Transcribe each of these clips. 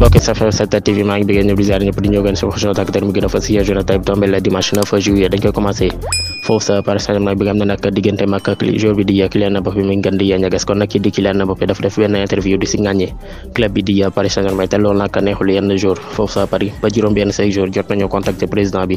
mbokki safo 7 TV maa ngi bëggee ñëpp di ziar ñëpp di ñëw gën si dimanche 9 juillet dañ bi nga xam ne nag bi di Kylian yee ñagas kon nag kii di Kylian Mbappé dafa def benn interview di si ngàññee club bi di Paris saint te loolu nag neexul yenn jour foofu sa Paris ba juróom benn say jour jot nañoo contacter président bi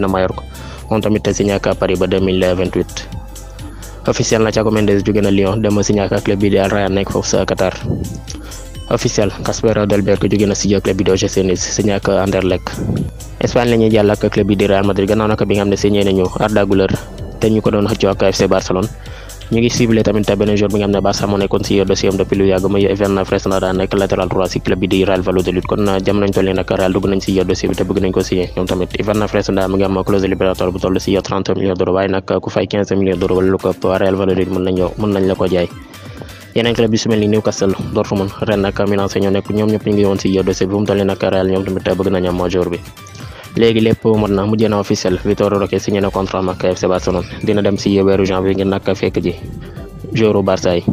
na Mallorca moom tamit signé ak Paris ba 2028 officiel na Thiago Mendes jóge na Lyon dem signé club bi di Al nekk foofu sa Qatar officiel Casper Dolberg jóge na si club bi di OGC Nice signé ak Espagne la jàll ak club bi di Real Madrid gannaaw naka bi nga xam ne signé nañu Arda Güler te ñu ko doon xëccoo ak FC Barcelone ñu ngi ciblé tamit beneen joueur bi nga xam ne Barça moo nekkoon si dossier am depuis lu yàgg muy Evan Fresneda daa nekk euh, ñu toll nii Real dugg nañ bi te bëgg nañ ko signé ñoom tamit Evan Fresneda ku fay 15 millions lu ko ëpp Real Valladolid mën nañ mën la ko jaay yeneen club yu su mel ni Newcastle Dortmund ren nag Milan ñoo nekk ñoom ñëpp ñu ngi woon si dossier bi mu toll nii Real ñoom tamit bëgg nañ am joueur bi léegi lépp mot na mujj na officiel Vitor Roque signé na contrat ak FC dem si weeru janvier ngir nag fekk ji joueur Barça yi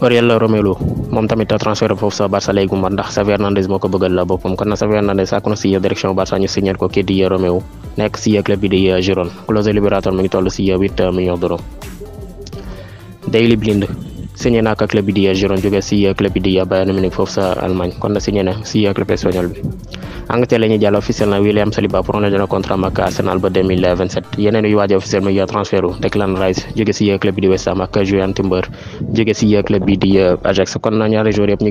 Oriol Romelu moom tamit transfert foofu sa Barça léegi mat ndax Xavi Hernandez moo ko bëggal la boppam kon na Xavi Hernandez sàkk na si direction Barça ñu signé ko kii di Romelu nekk si club bi di Girona clause libératoire mi ngi toll si na ak club bi di Girona jóge si club bi di Bayern Munich foofu sa Allemagne kon na signé na si club espagnol bi. Angleterre la ñuy jàll officiel William Saliba prolongé na contrat ak Arsenal ba yeneen yu waaj a officiel mu yaa transfert u Declan Rice jóge club bi di West Ham ak euh, kon na ñaari joueurs yëpp ñu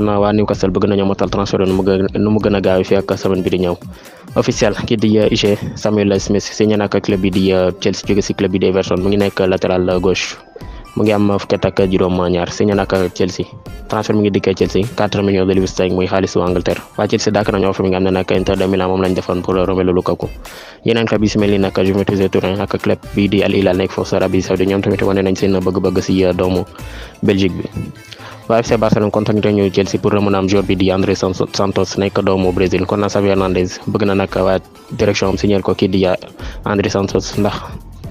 na euh, waa Newcastle bëgg nu mu gën nu mu gën semaine bi di ñëw officiel kii di Ishe euh, Samuel Smith signé na club bi di Chelsea jóge club bi di Everton mu ngi nekk latéral gauche mu ngi am fukki at ak juróom ñaar signé na Chelsea transfert mi ngi dikkee Chelsea 4 de livres sterling muy xaalisu Angleterre waa Chelsea dàkk nañu offre mi nga xam ne nag Inter de Milan moom lañ defoon pour Romelu Lukaku yeneen yi si mel ni nag Juventus bi di Al Hilal nekk foofu sa Arabie Saoudi bëgg-bëgg si euh, doomu Belgique bi waa FC Barcelone contacté ñu Chelsea pour mën a bi di André Santos nekk doomu Brésil kon na Xavi Hernandez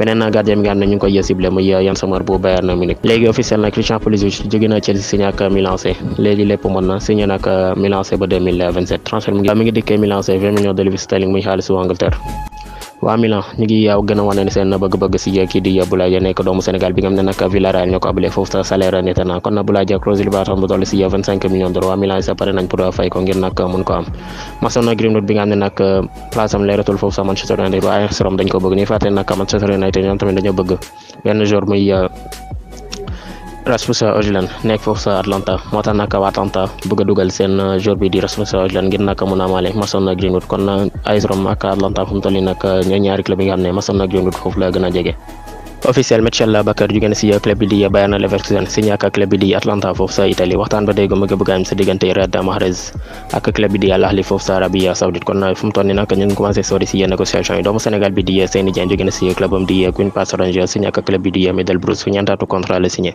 beneen gardien bi nga xam ne ñu ngi koy yee ciblé muy Yann Sommer bu Bayern Munich léegi officiel nag Christian Pulisic jóge na Chelsea signé ak Milan AC léegi lépp mën na signé nag Milan AC ba 2027 transfert ngi dikkee Milan AC 20 millions de livres sterling muy xaalisu Angleterre waa Milan ñu ngi yaaw gën ne seen bëgg-bëgg si kii di Boulaye Dia nekk doomu Sénégal bi nga xam ne nag Villarreal ñoo ko abalee foofu sa salaire neta na kon na Boulaye Dia clause libératoire bu toll si 25 millions d'euros waa Milan sa pare nañ pour fay ko ngir nag mun ko am Mason Greenwood bi nga xam ne nag euh, place am leeratul foofu sa Manchester United waa AS Rome dañ ko bëgg ñuy fàtte nag Manchester United ñoom tamit bëgg benn Rasmus Højlund nekk foofu sa Atlanta moo tax nag Atlanta bëgg a dugal seen euh, joueur bi di Rasmus Højlund ngir nag mun a Mason euh, na si euh, club bi di ak Atlanta foofu sa Italie waxtaan ngi bëgg a di Al Ahli négociation yi doomu Sénégal bi di Seny Dieng jóge na si club am di Queen Park Rangers signé ak club bi di Middlesbrough ñaataatu contrat la signé.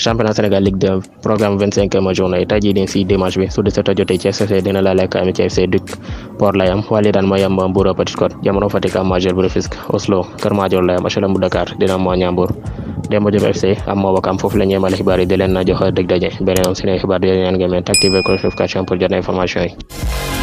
championnat Sénégal Ligue 2 programme vingt-cinquième journée tey jii si dimanche bi su 17 jotee ci CFC dina la lekk am ci FC Duc Port lay am Wally daan mooy am Mbour Petite Côte Jamono Fatick am Jel bu Oslo Kër Madior lay am HLM bu Dakar dina am Ñambour Demba Diop FC am moo wakam foofu la xibaar yi di leen jox dëgg daje beneen am si xibaar di leen ñaan ngeen activer notification pour jot information